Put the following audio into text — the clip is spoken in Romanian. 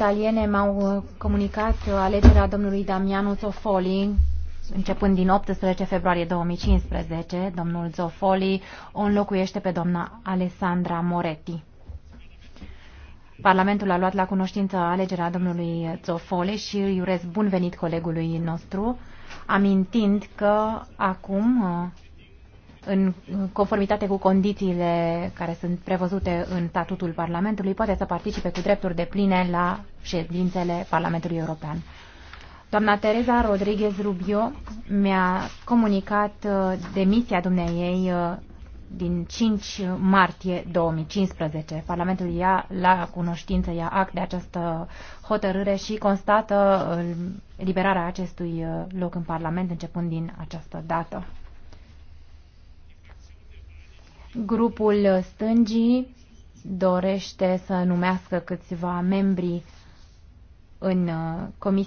italiene m-au uh, comunicat alegerea domnului Damiano Zofoli începând din 18 februarie 2015. Domnul Zofoli o înlocuiește pe doamna Alessandra Moretti. Parlamentul a luat la cunoștință alegerea domnului Zofoli și îi urez bun venit colegului nostru, amintind că acum uh, în conformitate cu condițiile care sunt prevăzute în statutul Parlamentului, poate să participe cu drepturi de pline la ședințele Parlamentului European. Doamna Teresa Rodriguez Rubio mi-a comunicat uh, demisia dumneiei uh, din 5 martie 2015. Parlamentul ia la cunoștință, ia act de această hotărâre și constată uh, liberarea acestui loc în Parlament începând din această dată. Grupul stângii dorește să numească câțiva membri în uh, comisie.